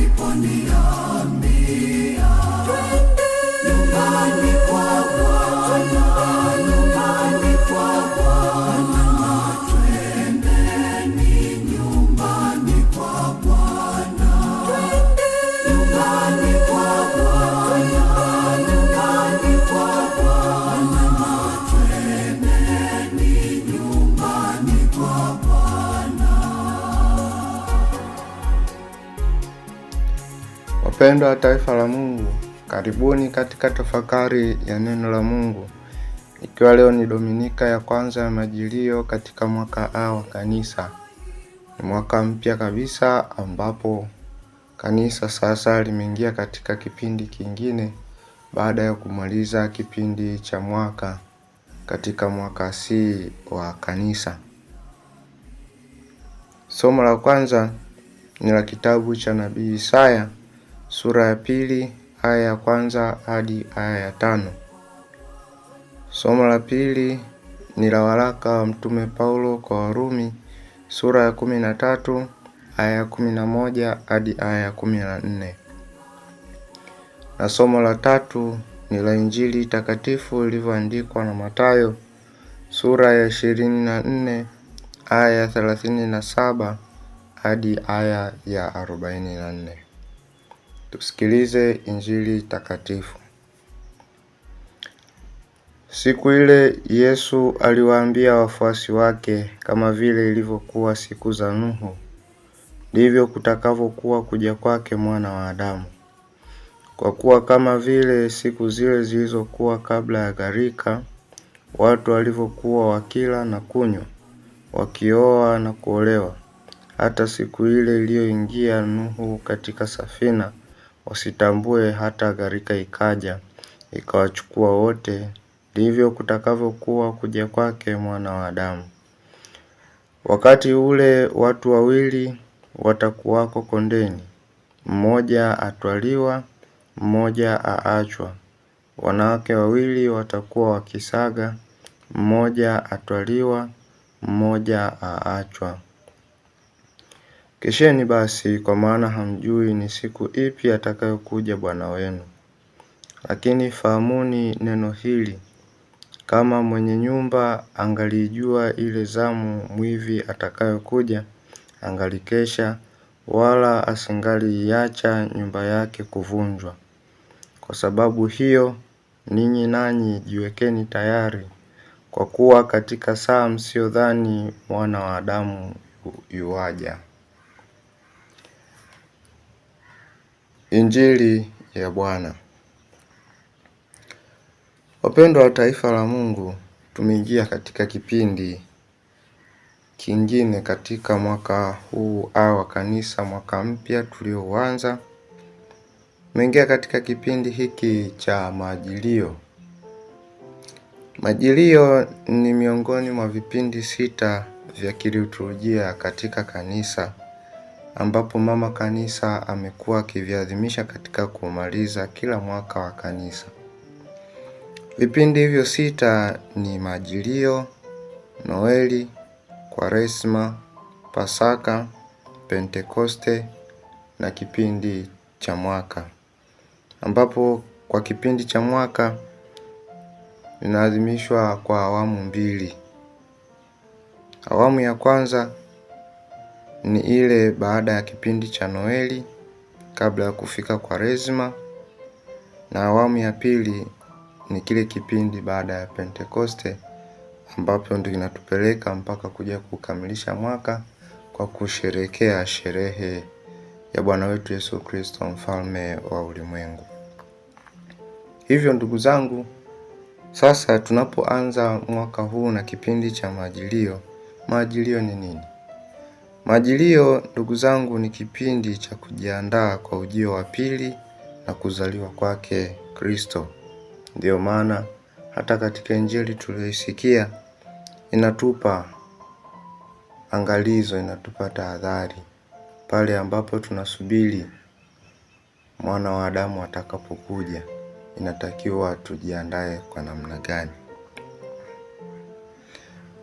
ndipo ndio Wapendwa wa taifa la Mungu, karibuni katika tafakari ya neno la Mungu, ikiwa leo ni dominika ya kwanza ya Majilio katika mwaka A wa Kanisa. Ni mwaka mpya kabisa, ambapo kanisa sasa limeingia katika kipindi kingine baada ya kumaliza kipindi cha mwaka katika mwaka C wa Kanisa. Somo la kwanza ni la kitabu cha nabii Isaya sura ya pili aya ya kwanza hadi aya ya tano. Somo la pili ni la waraka wa Mtume Paulo kwa Warumi sura ya kumi na tatu aya ya kumi na moja hadi aya ya kumi na nne na somo la tatu ni la Injili takatifu ilivyoandikwa na Mathayo sura ya ishirini na nne aya ya thelathini na saba hadi aya ya arobaini na nne. Tusikilize Injili takatifu. Siku ile Yesu aliwaambia wafuasi wake, kama vile ilivyokuwa siku za Nuhu, ndivyo kutakavyokuwa kuja kwake Mwana wa Adamu. Kwa kuwa kama vile siku zile zilizokuwa kabla ya gharika, watu walivyokuwa wakila na kunywa, wakioa na kuolewa, hata siku ile iliyoingia Nuhu katika safina wasitambue hata gharika ikaja ikawachukua wote, ndivyo kutakavyokuwa kuja kwake mwana wa Adamu. Wakati ule watu wawili watakuwako kondeni, mmoja atwaliwa, mmoja aachwa. Wanawake wawili watakuwa wakisaga, mmoja atwaliwa, mmoja aachwa. Kesheni basi, kwa maana hamjui ni siku ipi atakayokuja Bwana wenu. Lakini fahamuni neno hili, kama mwenye nyumba angaliijua ile zamu mwivi atakayokuja, angalikesha, wala asingaliiacha nyumba yake kuvunjwa. Kwa sababu hiyo, ninyi nanyi jiwekeni tayari, kwa kuwa katika saa msiyodhani Mwana wa Adamu yuaja. Injili ya Bwana. Wapendwa wa taifa la Mungu, tumeingia katika kipindi kingine katika mwaka huu au wa kanisa, mwaka mpya tuliouanza. Tumeingia katika kipindi hiki cha majilio. Majilio ni miongoni mwa vipindi sita vya kiliturujia katika kanisa ambapo mama kanisa amekuwa akiviadhimisha katika kumaliza kila mwaka wa kanisa. Vipindi hivyo sita ni Majilio, Noeli, Kwaresma, Pasaka, Pentekoste na kipindi cha mwaka, ambapo kwa kipindi cha mwaka vinaadhimishwa kwa awamu mbili. Awamu ya kwanza ni ile baada ya kipindi cha Noeli kabla ya kufika kwa rezima na awamu ya pili ni kile kipindi baada ya Pentekoste ambapo ndio inatupeleka mpaka kuja kukamilisha mwaka kwa kusherekea sherehe ya Bwana wetu Yesu Kristo mfalme wa ulimwengu. Hivyo ndugu zangu, sasa tunapoanza mwaka huu na kipindi cha majilio, majilio ni nini? Majilio ndugu zangu, ni kipindi cha kujiandaa kwa ujio wa pili na kuzaliwa kwake Kristo. Ndiyo maana hata katika injili tuliyoisikia inatupa angalizo, inatupa tahadhari pale ambapo tunasubiri mwana wa Adamu atakapokuja, inatakiwa tujiandae kwa namna gani?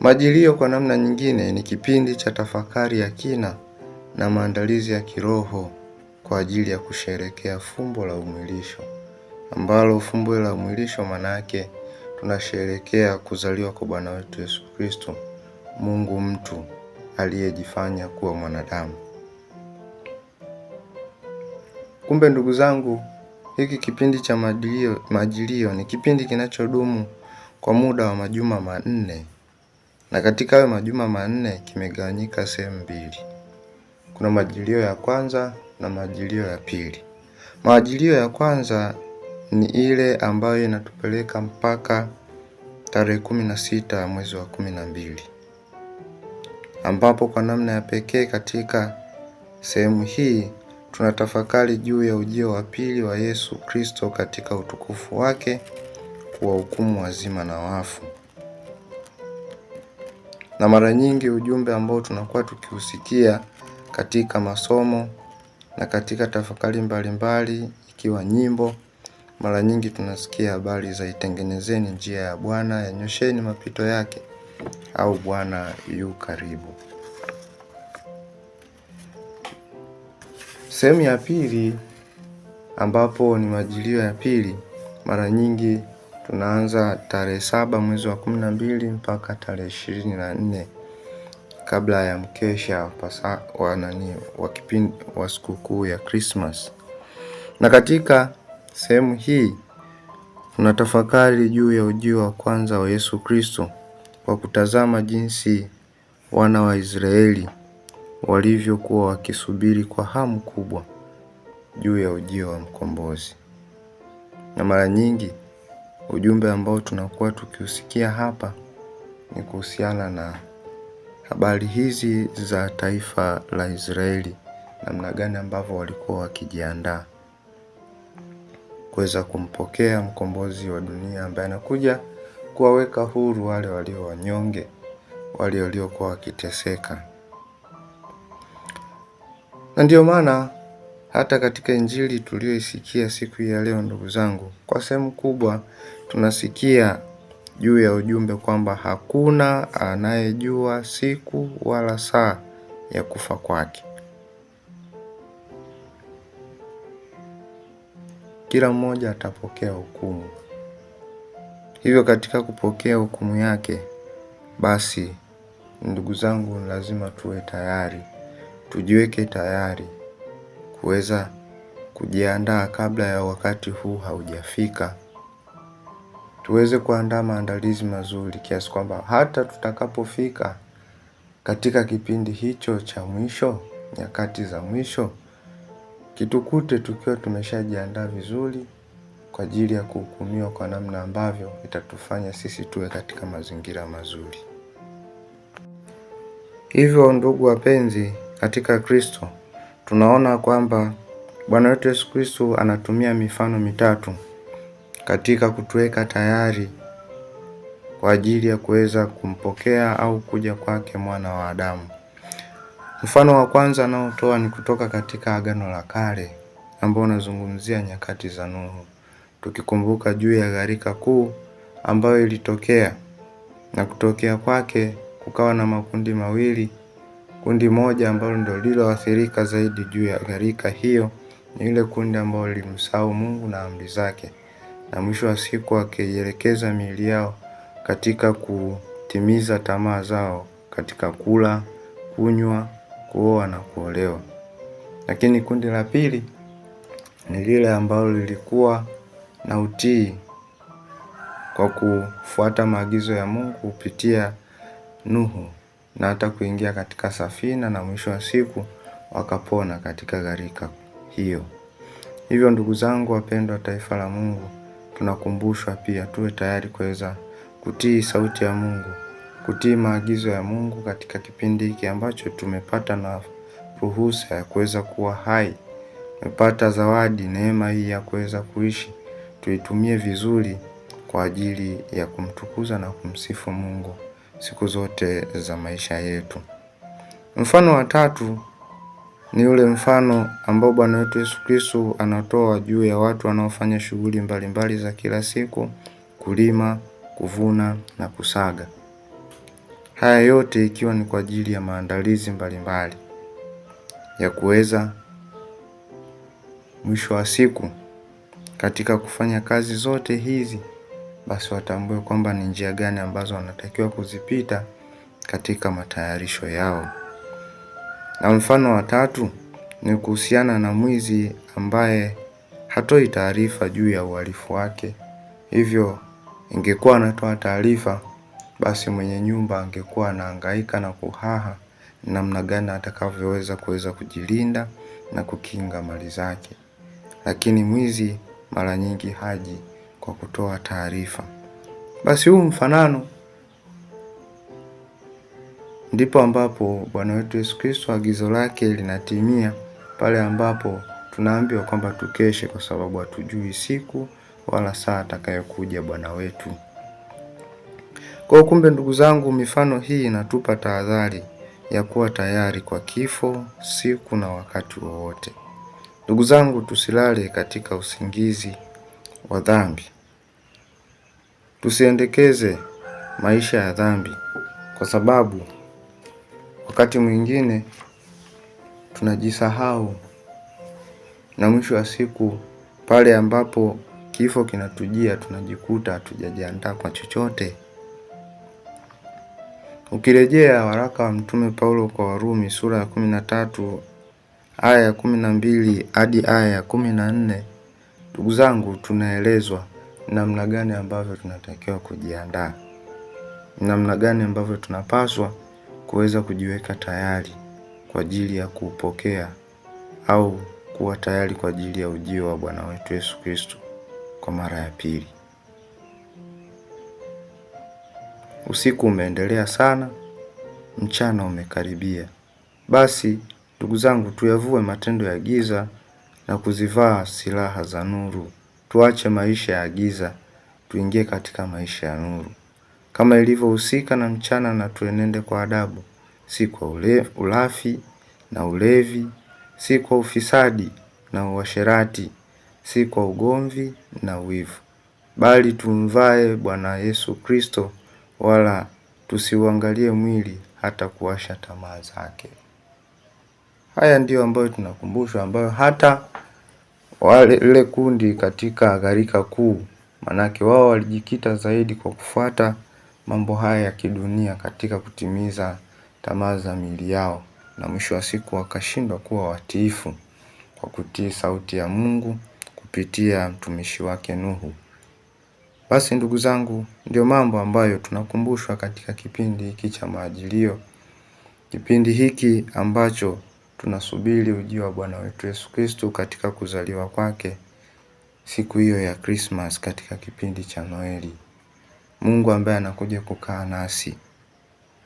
Majilio kwa namna nyingine ni kipindi cha tafakari ya kina na maandalizi ya kiroho kwa ajili ya kusherekea fumbo la umwilisho, ambalo fumbo la umwilisho maana yake tunasherekea kuzaliwa kwa Bwana wetu Yesu Kristo, Mungu mtu aliyejifanya kuwa mwanadamu. Kumbe ndugu zangu, hiki kipindi cha majilio, majilio ni kipindi kinachodumu kwa muda wa majuma manne na katika hayo majuma manne kimegawanyika sehemu mbili. Kuna majilio ya kwanza na majilio ya pili. Majilio ya kwanza ni ile ambayo inatupeleka mpaka tarehe kumi na sita ya mwezi wa kumi na mbili ambapo kwa namna ya pekee katika sehemu hii tunatafakari juu ya ujio wa pili wa Yesu Kristo katika utukufu wake kuwahukumu wazima na wafu na mara nyingi ujumbe ambao tunakuwa tukiusikia katika masomo na katika tafakari mbalimbali mbali, ikiwa nyimbo, mara nyingi tunasikia habari za itengenezeni njia ya Bwana, yanyosheni mapito yake au Bwana yu karibu. Sehemu ya pili ambapo ni majilio ya pili mara nyingi Tunaanza tarehe saba mwezi wa kumi na mbili mpaka tarehe ishirini na nne kabla ya mkesha wa nani wa kipindi wa sikukuu ya Krismas. Na katika sehemu hii tunatafakari juu ya ujio wa kwanza wa Yesu Kristo kwa kutazama jinsi wana wa Israeli walivyokuwa wakisubiri kwa hamu kubwa juu ya ujio wa mkombozi, na mara nyingi Ujumbe ambao tunakuwa tukiusikia hapa ni kuhusiana na habari hizi za taifa la Israeli, namna gani ambavyo walikuwa wakijiandaa kuweza kumpokea mkombozi wa dunia ambaye anakuja kuwaweka huru wale walio wanyonge, wale waliokuwa wakiteseka, na ndio maana hata katika Injili tuliyoisikia siku ya leo. Ndugu zangu, kwa sehemu kubwa tunasikia juu ya ujumbe kwamba hakuna anayejua siku wala saa ya kufa kwake. Kila mmoja atapokea hukumu. Hivyo katika kupokea hukumu yake, basi ndugu zangu, lazima tuwe tayari, tujiweke tayari kuweza kujiandaa kabla ya wakati huu haujafika, tuweze kuandaa maandalizi mazuri kiasi kwamba hata tutakapofika katika kipindi hicho cha mwisho, nyakati za mwisho, kitukute tukiwa tumeshajiandaa vizuri kwa ajili ya kuhukumiwa kwa namna ambavyo itatufanya sisi tuwe katika mazingira mazuri. Hivyo ndugu wapenzi katika Kristo, tunaona kwamba Bwana wetu Yesu Kristo anatumia mifano mitatu katika kutuweka tayari kwa ajili ya kuweza kumpokea au kuja kwake mwana wa Adamu. Mfano wa kwanza anaotoa ni kutoka katika Agano la Kale ambao unazungumzia nyakati za Nuhu, tukikumbuka juu ya gharika kuu ambayo ilitokea na kutokea kwake kukawa na makundi mawili Kundi moja ambalo ndio lililoathirika zaidi juu ya gharika hiyo ni lile kundi ambalo lilimsahau Mungu na amri zake, na mwisho wa siku wakaielekeza miili yao katika kutimiza tamaa zao katika kula, kunywa, kuoa na kuolewa. Lakini kundi la pili ni lile ambalo lilikuwa na utii kwa kufuata maagizo ya Mungu kupitia Nuhu na hata kuingia katika safina na mwisho wa siku wakapona katika gharika hiyo. Hivyo ndugu zangu wapendwa taifa la Mungu, tunakumbushwa pia tuwe tayari kuweza kutii sauti ya Mungu, kutii maagizo ya Mungu katika kipindi hiki ambacho tumepata na ruhusa ya kuweza kuwa hai, tumepata zawadi, neema hii ya kuweza kuishi, tuitumie vizuri kwa ajili ya kumtukuza na kumsifu Mungu siku zote za maisha yetu. Mfano wa tatu ni ule mfano ambao Bwana wetu Yesu Kristo anatoa juu ya watu wanaofanya shughuli mbalimbali za kila siku: kulima, kuvuna na kusaga. Haya yote ikiwa ni kwa ajili ya maandalizi mbalimbali ya kuweza mwisho wa siku katika kufanya kazi zote hizi basi watambue kwamba ni njia gani ambazo wanatakiwa kuzipita katika matayarisho yao. Na mfano wa tatu ni kuhusiana na mwizi ambaye hatoi taarifa juu ya uhalifu wake. Hivyo ingekuwa anatoa taarifa, basi mwenye nyumba angekuwa anahangaika na kuhaha namna gani atakavyoweza kuweza kujilinda na kukinga mali zake, lakini mwizi mara nyingi haji kwa kutoa taarifa. Basi huu mfanano ndipo ambapo Bwana wetu Yesu Kristo agizo lake linatimia pale ambapo tunaambiwa kwamba tukeshe, kwa sababu hatujui siku wala saa atakayokuja Bwana wetu. Kwa kumbe, ndugu zangu, mifano hii inatupa tahadhari ya kuwa tayari kwa kifo siku na wakati wowote. Ndugu zangu, tusilale katika usingizi wa dhambi. Tusiendekeze maisha ya dhambi, kwa sababu wakati mwingine tunajisahau na mwisho wa siku, pale ambapo kifo kinatujia, tunajikuta hatujajiandaa kwa chochote. Ukirejea waraka wa Mtume Paulo kwa Warumi sura ya kumi na tatu aya ya kumi na mbili hadi aya ya kumi na nne Ndugu zangu, tunaelezwa namna gani ambavyo tunatakiwa kujiandaa, namna gani ambavyo tunapaswa kuweza kujiweka tayari kwa ajili ya kupokea au kuwa tayari kwa ajili ya ujio wa Bwana wetu Yesu Kristo kwa mara ya pili. Usiku umeendelea sana, mchana umekaribia. Basi ndugu zangu, tuyavue matendo ya giza na kuzivaa silaha za nuru. Tuache maisha ya giza, tuingie katika maisha ya nuru, kama ilivyohusika na mchana, na tuenende kwa adabu, si kwa ulafi na ulevi, si kwa ufisadi na uasherati, si kwa ugomvi na wivu, bali tumvae Bwana Yesu Kristo, wala tusiuangalie mwili hata kuwasha tamaa zake. Haya ndiyo ambayo tunakumbushwa, ambayo hata wale lile kundi katika gharika kuu, maanake wao walijikita zaidi kwa kufuata mambo haya ya kidunia katika kutimiza tamaa za miili yao, na mwisho wa siku wakashindwa kuwa watiifu kwa kutii sauti ya Mungu kupitia mtumishi wake Nuhu. Basi ndugu zangu, ndio mambo ambayo tunakumbushwa katika kipindi hiki cha maajilio kipindi hiki ambacho tunasubiri ujio wa Bwana wetu Yesu Kristo katika kuzaliwa kwake siku hiyo ya Krismas katika kipindi cha Noeli. Mungu ambaye anakuja kukaa nasi,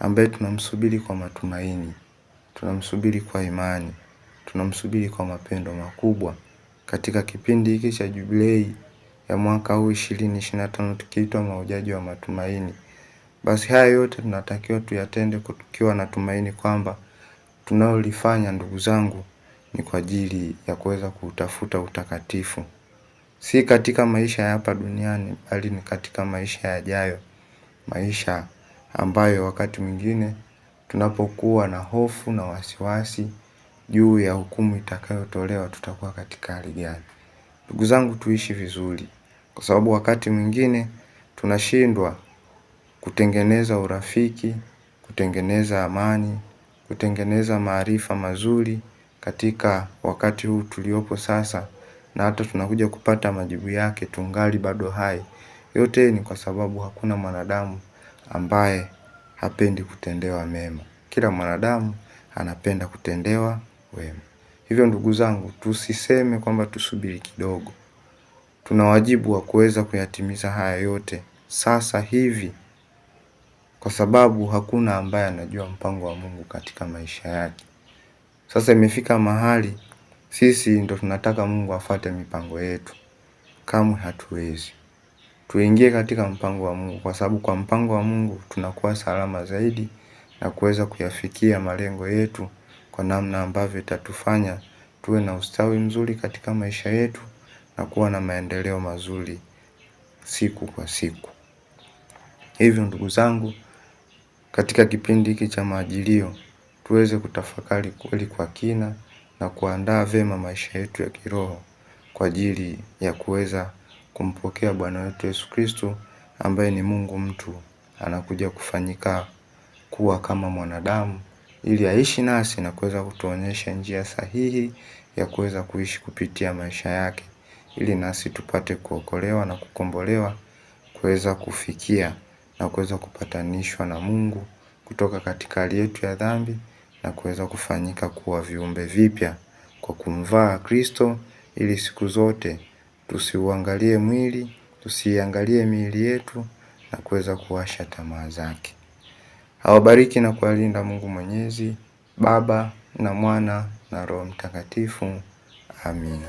ambaye tunamsubiri kwa matumaini, tunamsubiri kwa imani, tunamsubiri kwa mapendo makubwa katika kipindi hiki cha Jubilei ya mwaka huu ishirini ishirini na tano tukiitwa mahujaji wa matumaini. Basi haya yote tunatakiwa tuyatende tukiwa na tumaini kwamba tunalolifanya ndugu zangu ni kwa ajili ya kuweza kutafuta utakatifu, si katika maisha ya hapa duniani, bali ni katika maisha yajayo, maisha ambayo wakati mwingine tunapokuwa na hofu na wasiwasi juu ya hukumu itakayotolewa, tutakuwa katika hali gani? Ndugu zangu, tuishi vizuri, kwa sababu wakati mwingine tunashindwa kutengeneza urafiki, kutengeneza amani kutengeneza maarifa mazuri katika wakati huu tuliopo sasa na hata tunakuja kupata majibu yake tungali bado hai. Yote ni kwa sababu hakuna mwanadamu ambaye hapendi kutendewa mema. Kila mwanadamu anapenda kutendewa wema. Hivyo ndugu zangu tusiseme kwamba tusubiri kidogo. Tuna wajibu wa kuweza kuyatimiza haya yote sasa hivi kwa sababu hakuna ambaye anajua mpango wa Mungu katika maisha yake. Sasa imefika mahali sisi ndo tunataka Mungu afate mipango yetu. Kamwe hatuwezi. Tuingie katika mpango wa Mungu kwa sababu kwa mpango wa Mungu tunakuwa salama zaidi na kuweza kuyafikia malengo yetu kwa namna ambavyo itatufanya tuwe na ustawi mzuri katika maisha yetu na kuwa na maendeleo mazuri siku kwa siku. Hivyo ndugu zangu katika kipindi hiki cha maajilio tuweze kutafakari kweli kwa kina na kuandaa vyema maisha yetu ya kiroho kwa ajili ya kuweza kumpokea Bwana wetu Yesu Kristo ambaye ni Mungu mtu anakuja kufanyika kuwa kama mwanadamu ili aishi nasi na kuweza kutuonyesha njia sahihi ya kuweza kuishi kupitia maisha yake ili nasi tupate kuokolewa na kukombolewa kuweza kufikia na kuweza kupatanishwa na Mungu kutoka katika hali yetu ya dhambi na kuweza kufanyika kuwa viumbe vipya kwa kumvaa Kristo ili siku zote tusiuangalie mwili, tusiiangalie miili yetu na kuweza kuwasha tamaa zake. Awabariki na kuwalinda Mungu Mwenyezi, Baba na Mwana na Roho Mtakatifu. Amina.